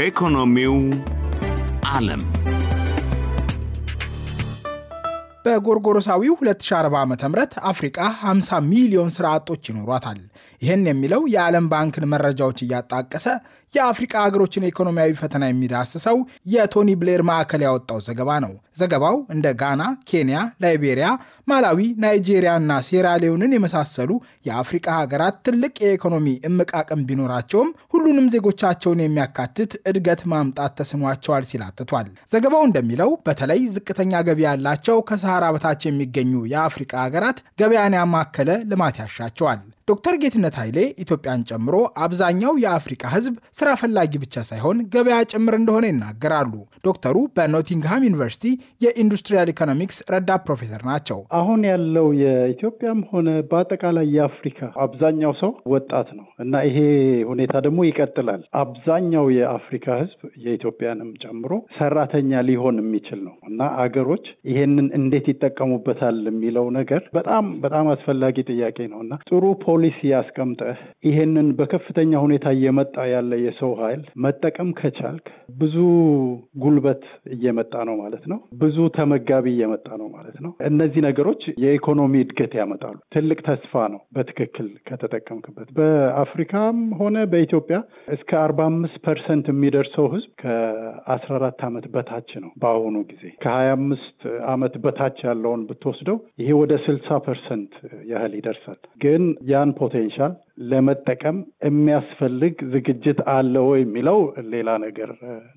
ከኢኮኖሚው ዓለም በጎርጎሮሳዊው 2040 ዓ ም አፍሪቃ 50 ሚሊዮን ሥራ አጦች ይኖሯታል። ይህን የሚለው የዓለም ባንክን መረጃዎች እያጣቀሰ የአፍሪቃ ሀገሮችን ኢኮኖሚያዊ ፈተና የሚዳስሰው የቶኒ ብሌር ማዕከል ያወጣው ዘገባ ነው። ዘገባው እንደ ጋና፣ ኬንያ፣ ላይቤሪያ፣ ማላዊ፣ እና ሴራሊዮንን የመሳሰሉ የአፍሪቃ ሀገራት ትልቅ የኢኮኖሚ እምቅ አቅም ቢኖራቸውም ሁሉንም ዜጎቻቸውን የሚያካትት እድገት ማምጣት ተስኗቸዋል ሲል አትቷል። ዘገባው እንደሚለው በተለይ ዝቅተኛ ገቢ ያላቸው ከሰሃራ በታች የሚገኙ የአፍሪቃ ሀገራት ገበያን ያማከለ ልማት ያሻቸዋል። ዶክተር ጌትነት ኃይሌ ኢትዮጵያን ጨምሮ አብዛኛው የአፍሪቃ ህዝብ ስራ ፈላጊ ብቻ ሳይሆን ገበያ ጭምር እንደሆነ ይናገራሉ። ዶክተሩ በኖቲንግሃም ዩኒቨርሲቲ የኢንዱስትሪያል ኢኮኖሚክስ ረዳት ፕሮፌሰር ናቸው። አሁን ያለው የኢትዮጵያም ሆነ በአጠቃላይ የአፍሪካ አብዛኛው ሰው ወጣት ነው እና ይሄ ሁኔታ ደግሞ ይቀጥላል። አብዛኛው የአፍሪካ ህዝብ የኢትዮጵያንም ጨምሮ ሰራተኛ ሊሆን የሚችል ነው እና አገሮች ይሄንን እንዴት ይጠቀሙበታል የሚለው ነገር በጣም በጣም አስፈላጊ ጥያቄ ነው እና ጥሩ ፖሊሲ ያስቀምጠ ይሄንን በከፍተኛ ሁኔታ እየመጣ ያለ የሰው ኃይል መጠቀም ከቻልክ ብዙ ጉልበት እየመጣ ነው ማለት ነው። ብዙ ተመጋቢ እየመጣ ነው ማለት ነው። እነዚህ ነገሮች የኢኮኖሚ እድገት ያመጣሉ። ትልቅ ተስፋ ነው በትክክል ከተጠቀምክበት። በአፍሪካም ሆነ በኢትዮጵያ እስከ አርባ አምስት ፐርሰንት የሚደርሰው ህዝብ ከአስራ አራት ዓመት በታች ነው በአሁኑ ጊዜ። ከሀያ አምስት ዓመት በታች ያለውን ብትወስደው ይሄ ወደ ስልሳ ፐርሰንት ያህል ይደርሳል ግን ያ potential ለመጠቀም የሚያስፈልግ ዝግጅት አለ ወይ የሚለው ሌላ ነገር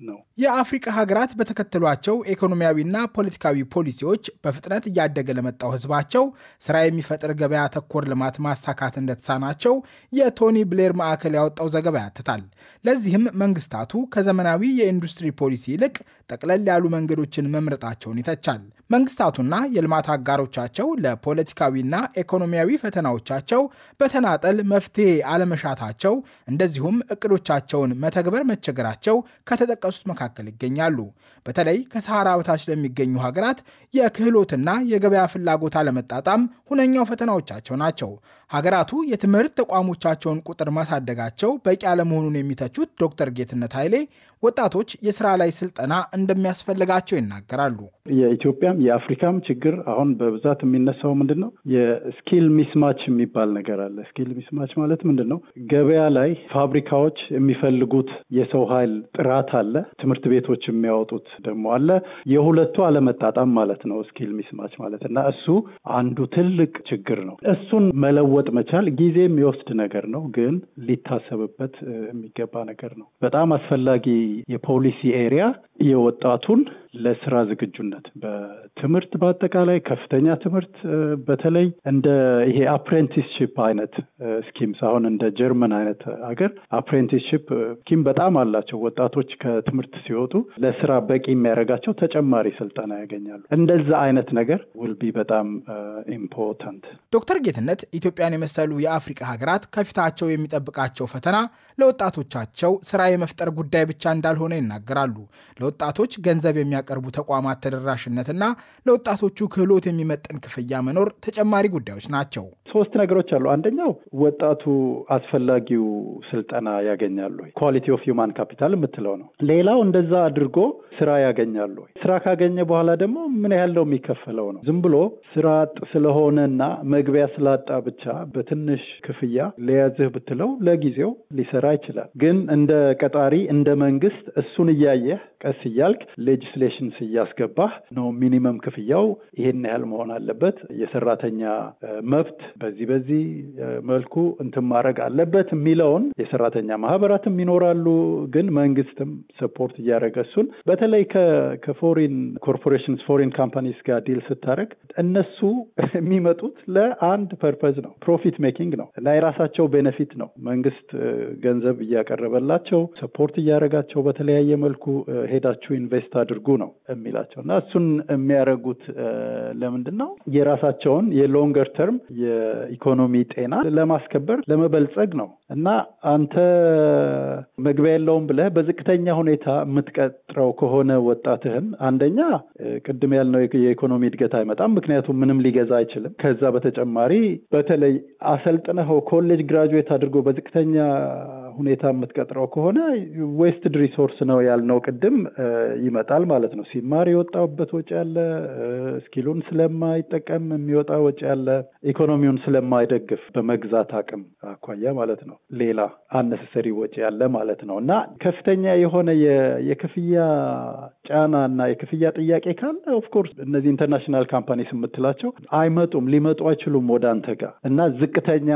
ነው። የአፍሪቃ ሀገራት በተከተሏቸው ኢኮኖሚያዊና ፖለቲካዊ ፖሊሲዎች በፍጥነት እያደገ ለመጣው ሕዝባቸው ስራ የሚፈጥር ገበያ ተኮር ልማት ማሳካት እንደተሳናቸው የቶኒ ብሌር ማዕከል ያወጣው ዘገባ ያትታል። ለዚህም መንግስታቱ ከዘመናዊ የኢንዱስትሪ ፖሊሲ ይልቅ ጠቅለል ያሉ መንገዶችን መምረጣቸውን ይተቻል። መንግስታቱና የልማት አጋሮቻቸው ለፖለቲካዊና ኢኮኖሚያዊ ፈተናዎቻቸው በተናጠል መፍ መፍትሄ አለመሻታቸው እንደዚሁም እቅዶቻቸውን መተግበር መቸገራቸው ከተጠቀሱት መካከል ይገኛሉ። በተለይ ከሰሃራ በታች ለሚገኙ ሀገራት የክህሎትና የገበያ ፍላጎት አለመጣጣም ሁነኛው ፈተናዎቻቸው ናቸው። ሀገራቱ የትምህርት ተቋሞቻቸውን ቁጥር ማሳደጋቸው በቂ አለመሆኑን የሚተቹት ዶክተር ጌትነት ኃይሌ ወጣቶች የስራ ላይ ስልጠና እንደሚያስፈልጋቸው ይናገራሉ። የኢትዮጵያም የአፍሪካም ችግር አሁን በብዛት የሚነሳው ምንድን ነው? የስኪል ሚስማች የሚባል ነገር አለ። ስኪል ሚስማች ማለት ምንድን ነው? ገበያ ላይ ፋብሪካዎች የሚፈልጉት የሰው ኃይል ጥራት አለ፣ ትምህርት ቤቶች የሚያወጡት ደግሞ አለ። የሁለቱ አለመጣጣም ማለት ነው ስኪል ሚስማች ማለት እና እሱ አንዱ ትልቅ ችግር ነው። እሱን መለወ መለወጥ መቻል ጊዜ የሚወስድ ነገር ነው፣ ግን ሊታሰብበት የሚገባ ነገር ነው። በጣም አስፈላጊ የፖሊሲ ኤሪያ የወጣቱን ለስራ ዝግጁነት በትምህርት በአጠቃላይ ከፍተኛ ትምህርት በተለይ እንደ ይሄ አፕሬንቲስሽፕ አይነት ስኪምስ አሁን እንደ ጀርመን አይነት ሀገር አፕሬንቲስሽፕ ስኪም በጣም አላቸው። ወጣቶች ከትምህርት ሲወጡ ለስራ በቂ የሚያደርጋቸው ተጨማሪ ስልጠና ያገኛሉ። እንደዛ አይነት ነገር ውልቢ በጣም ኢምፖርታንት። ዶክተር ጌትነት ኢትዮጵያ ኢትዮጵያን የመሰሉ የአፍሪቃ ሀገራት ከፊታቸው የሚጠብቃቸው ፈተና ለወጣቶቻቸው ስራ የመፍጠር ጉዳይ ብቻ እንዳልሆነ ይናገራሉ። ለወጣቶች ገንዘብ የሚያቀርቡ ተቋማት ተደራሽነትና ለወጣቶቹ ክህሎት የሚመጥን ክፍያ መኖር ተጨማሪ ጉዳዮች ናቸው። ሶስት ነገሮች አሉ። አንደኛው ወጣቱ አስፈላጊው ስልጠና ያገኛሉ፣ ኳሊቲ ኦፍ ሂውማን ካፒታል የምትለው ነው። ሌላው እንደዛ አድርጎ ስራ ያገኛሉ። ስራ ካገኘ በኋላ ደግሞ ምን ያህል ነው የሚከፈለው ነው። ዝም ብሎ ስራ አጥ ስለሆነና መግቢያ ስላጣ ብቻ በትንሽ ክፍያ ለያዝህ ብትለው ለጊዜው ሊሰራ ይችላል። ግን እንደ ቀጣሪ እንደ መንግስት እሱን እያየህ ቀስ እያልክ ሌጅስሌሽን እያስገባህ ነው። ሚኒመም ክፍያው ይሄን ያህል መሆን አለበት። የሰራተኛ መብት በዚህ በዚህ መልኩ እንትን ማድረግ አለበት የሚለውን የሰራተኛ ማህበራትም ይኖራሉ። ግን መንግስትም ሰፖርት እያደረገ እሱን በተለይ ከፎሪን ኮርፖሬሽንስ ፎሪን ካምፓኒስ ጋር ዲል ስታደረግ እነሱ የሚመጡት ለአንድ ፐርፐዝ ነው፣ ፕሮፊት ሜኪንግ ነው እና የራሳቸው ቤኔፊት ነው። መንግስት ገንዘብ እያቀረበላቸው ሰፖርት እያደረጋቸው በተለያየ መልኩ ሄዳችሁ ኢንቨስት አድርጉ ነው የሚላቸው እና እሱን የሚያደርጉት ለምንድን ነው የራሳቸውን የሎንገር ተርም የኢኮኖሚ ጤና ለማስከበር ለመበልጸግ ነው። እና አንተ መግቢያ የለውም ብለህ በዝቅተኛ ሁኔታ የምትቀጥረው ከሆነ ወጣትህን አንደኛ ቅድም ያልነው የኢኮኖሚ እድገት አይመጣም። ምክንያቱም ምንም ሊገዛ አይችልም። ከዛ በተጨማሪ በተለይ አሰልጥነኸው ኮሌጅ ግራጁዌት አድርጎ በዝቅተኛ ሁኔታ የምትቀጥረው ከሆነ ዌስትድ ሪሶርስ ነው ያልነው ቅድም ይመጣል ማለት ነው። ሲማር የወጣበት ወጪ አለ። ስኪሉን ስለማይጠቀም የሚወጣ ወጪ አለ። ኢኮኖሚውን ስለማይደግፍ በመግዛት አቅም አኳያ ማለት ነው። ሌላ አነሰሰሪ ወጪ ያለ ማለት ነው እና ከፍተኛ የሆነ የክፍያ ጫና እና የክፍያ ጥያቄ ካለ ኦፍኮርስ እነዚህ ኢንተርናሽናል ካምፓኒስ የምትላቸው አይመጡም፣ ሊመጡ አይችሉም ወደ አንተ ጋር እና ዝቅተኛ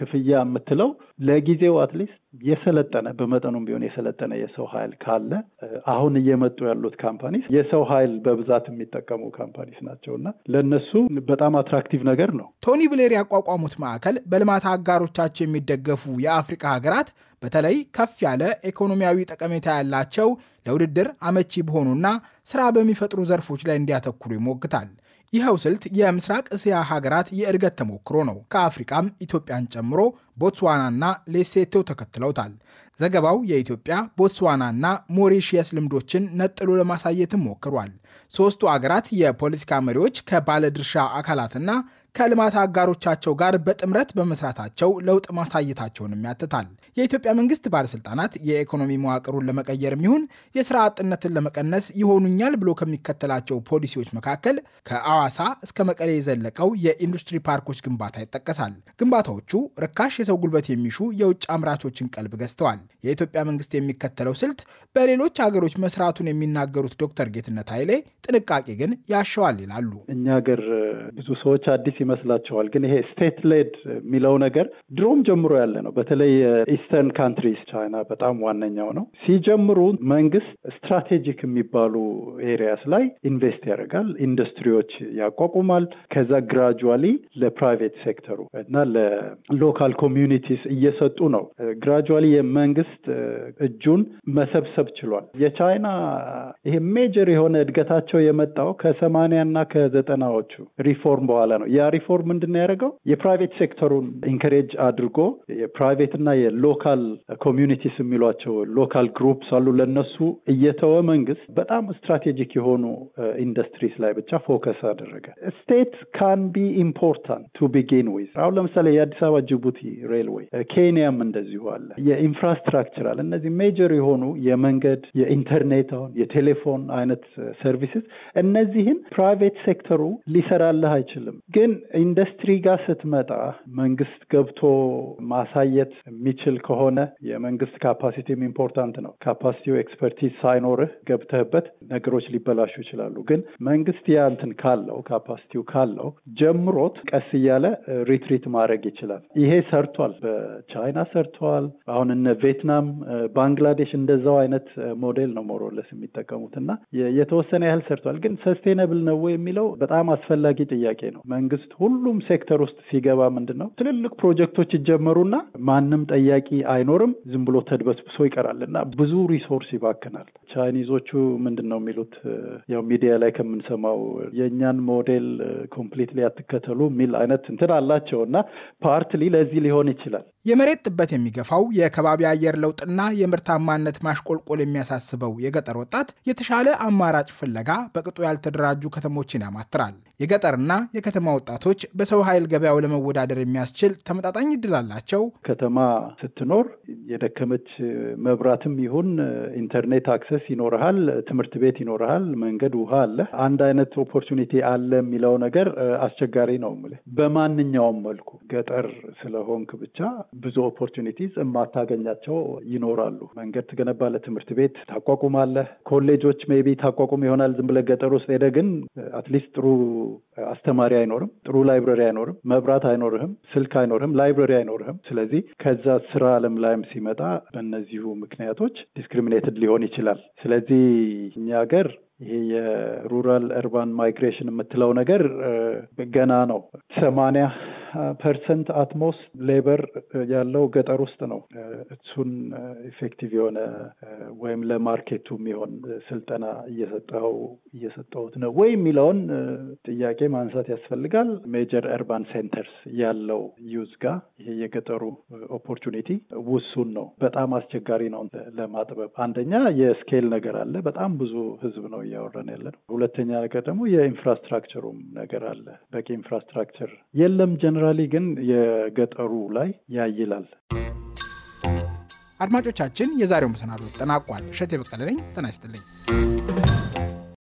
ክፍያ የምትለው ለጊዜው አትሊስት የሰለጠነ በመጠኑም ቢሆን የሰለጠነ የሰው ኃይል ካለ አሁን እየመጡ ያሉት ካምፓኒስ የሰው ኃይል በብዛት የሚጠቀሙ ካምፓኒስ ናቸው እና ለእነሱ በጣም አትራክቲቭ ነገር ነው። ቶኒ ብሌር ያቋቋሙት ማዕከል በልማት አጋሮቻቸው የሚደገፉ የአፍሪቃ ሀገራት በተለይ ከፍ ያለ ኢኮኖሚያዊ ጠቀሜታ ያላቸው ለውድድር አመቺ በሆኑና ስራ በሚፈጥሩ ዘርፎች ላይ እንዲያተኩሩ ይሞግታል። ይኸው ስልት የምስራቅ እስያ ሀገራት የእድገት ተሞክሮ ነው። ከአፍሪቃም ኢትዮጵያን ጨምሮ ቦትስዋናና ሌሴቶ ተከትለውታል። ዘገባው የኢትዮጵያ ቦትስዋናና ሞሪሺየስ ልምዶችን ነጥሎ ለማሳየትም ሞክሯል። ሦስቱ አገራት የፖለቲካ መሪዎች ከባለድርሻ አካላትና ከልማት አጋሮቻቸው ጋር በጥምረት በመስራታቸው ለውጥ ማሳየታቸውንም ያትታል። የኢትዮጵያ መንግስት ባለስልጣናት የኢኮኖሚ መዋቅሩን ለመቀየር የሚሆን የስራ አጥነትን ለመቀነስ ይሆኑኛል ብሎ ከሚከተላቸው ፖሊሲዎች መካከል ከአዋሳ እስከ መቀሌ የዘለቀው የኢንዱስትሪ ፓርኮች ግንባታ ይጠቀሳል። ግንባታዎቹ ርካሽ የሰው ጉልበት የሚሹ የውጭ አምራቾችን ቀልብ ገዝተዋል። የኢትዮጵያ መንግስት የሚከተለው ስልት በሌሎች ሀገሮች መስራቱን የሚናገሩት ዶክተር ጌትነት ኃይሌ ጥንቃቄ ግን ያሸዋል ይላሉ። እኛ ሀገር ብዙ ሰዎች አዲስ ይመስላቸዋል። ግን ይሄ ስቴት ሌድ የሚለው ነገር ድሮም ጀምሮ ያለ ነው። በተለይ ኢስተርን ካንትሪስ ቻይና በጣም ዋነኛው ነው። ሲጀምሩ መንግስት ስትራቴጂክ የሚባሉ ኤሪያስ ላይ ኢንቨስት ያደርጋል፣ ኢንዱስትሪዎች ያቋቁማል። ከዛ ግራጁዋሊ ለፕራይቬት ሴክተሩ እና ለሎካል ኮሚዩኒቲስ እየሰጡ ነው። ግራጁዋሊ የመንግስት እጁን መሰብሰብ ችሏል። የቻይና ይሄ ሜጀር የሆነ እድገታቸው የመጣው ከሰማንያ እና ከዘጠናዎቹ ሪፎርም በኋላ ነው። ያ ሪፎርም ምንድን ነው ያደረገው? የፕራይቬት ሴክተሩን ኢንከሬጅ አድርጎ የፕራይቬት እና የሎካል ኮሚዩኒቲስ የሚሏቸው ሎካል ግሩፕስ አሉ። ለነሱ እየተወ መንግስት በጣም ስትራቴጂክ የሆኑ ኢንዱስትሪስ ላይ ብቻ ፎከስ አደረገ። ስቴት ካን ቢ ኢምፖርታንት ቱ ቢጊን ዊዝ። አሁን ለምሳሌ የአዲስ አበባ ጅቡቲ ሬልዌይ፣ ኬንያም እንደዚሁ አለ። የኢንፍራስትራክቸር አለ። እነዚህ ሜጀር የሆኑ የመንገድ፣ የኢንተርኔት፣ አሁን የቴሌፎን አይነት ሰርቪስስ እነዚህን ፕራይቬት ሴክተሩ ሊሰራልህ አይችልም። ግን ኢንዱስትሪ ጋር ስትመጣ መንግስት ገብቶ ማሳየት የሚችል ከሆነ የመንግስት ካፓሲቲም ኢምፖርታንት ነው። ካፓሲቲው ኤክስፐርቲዝ ሳይኖርህ ገብተህበት ነገሮች ሊበላሹ ይችላሉ። ግን መንግስት ያንትን ካለው ካፓሲቲው ካለው ጀምሮት ቀስ እያለ ሪትሪት ማድረግ ይችላል። ይሄ ሰርቷል፣ በቻይና ሰርተዋል። አሁን እነ ቪየትናም፣ ባንግላዴሽ እንደዛው አይነት ሞዴል ነው ሞሮለስ የሚጠቀሙት እና የተወሰነ ያህል ሰርቷል። ግን ሰስቴነብል ነው የሚለው በጣም አስፈላጊ ጥያቄ ነው። መንግስት ሁሉም ሴክተር ውስጥ ሲገባ ምንድን ነው ትልልቅ ፕሮጀክቶች ይጀመሩና ማንም ጠያቂ አይኖርም። ዝም ብሎ ተድበስብሶ ይቀራል እና ብዙ ሪሶርስ ይባክናል። ቻይኒዞቹ ምንድን ነው የሚሉት ያው ሚዲያ ላይ ከምንሰማው የእኛን ሞዴል ኮምፕሊትሊ አትከተሉ የሚል አይነት እንትን አላቸው እና ፓርትሊ ለዚህ ሊሆን ይችላል የመሬት ጥበት የሚገፋው የከባቢ አየር ለውጥና የምርታማነት ማሽቆልቆል የሚያሳስበው የገጠር ወጣት የተሻለ አማራጭ ፍለጋ በቅጡ ያልተደራጁ ከተሞችን ያማትራል። የገጠርና የከተማ ወጣቶች በሰው ኃይል ገበያው ለመወዳደር የሚያስችል ተመጣጣኝ እድል አላቸው። ከተማ ስትኖር የደከመች መብራትም ይሁን ኢንተርኔት አክሰስ ይኖርሃል፣ ትምህርት ቤት ይኖርሃል፣ መንገድ፣ ውሃ አለ። አንድ አይነት ኦፖርቹኒቲ አለ የሚለው ነገር አስቸጋሪ ነው። በማንኛውም መልኩ ገጠር ስለሆንክ ብቻ ብዙ ኦፖርቹኒቲዝ የማታገኛቸው ይኖራሉ። መንገድ ትገነባለህ፣ ትምህርት ቤት ታቋቁማለህ፣ ኮሌጆች ሜይ ቢ ታቋቁም ይሆናል። ዝም ብለህ ገጠር ውስጥ ሄደህ ግን አትሊስት ጥሩ አስተማሪ አይኖርም፣ ጥሩ ላይብረሪ አይኖርም፣ መብራት አይኖርህም፣ ስልክ አይኖርህም፣ ላይብረሪ አይኖርህም። ስለዚህ ከዛ ስራ አለም ላይም ሲመጣ በእነዚሁ ምክንያቶች ዲስክሪሚኔትድ ሊሆን ይችላል። ስለዚህ እኛ ሀገር ይሄ የሩራል እርባን ማይግሬሽን የምትለው ነገር ገና ነው ሰማንያ ፐርሰንት አትሞስ ሌበር ያለው ገጠር ውስጥ ነው። እሱን ኢፌክቲቭ የሆነ ወይም ለማርኬቱ የሚሆን ስልጠና እየሰጠው እየሰጠሁት ነው ወይ የሚለውን ጥያቄ ማንሳት ያስፈልጋል። ሜጀር እርባን ሴንተርስ ያለው ዩዝ ጋር ይሄ የገጠሩ ኦፖርቹኒቲ ውሱን ነው። በጣም አስቸጋሪ ነው ለማጥበብ። አንደኛ የስኬል ነገር አለ። በጣም ብዙ ህዝብ ነው እያወራን ያለ ነው። ሁለተኛ ነገር ደግሞ የኢንፍራስትራክቸሩም ነገር አለ። በቂ ኢንፍራስትራክቸር የለም ጀነራሊ ግን የገጠሩ ላይ ያይላል። አድማጮቻችን፣ የዛሬው መሰናዶ ተጠናቋል። እሸት የበቀለ ነኝ። ጤና ይስጥልኝ።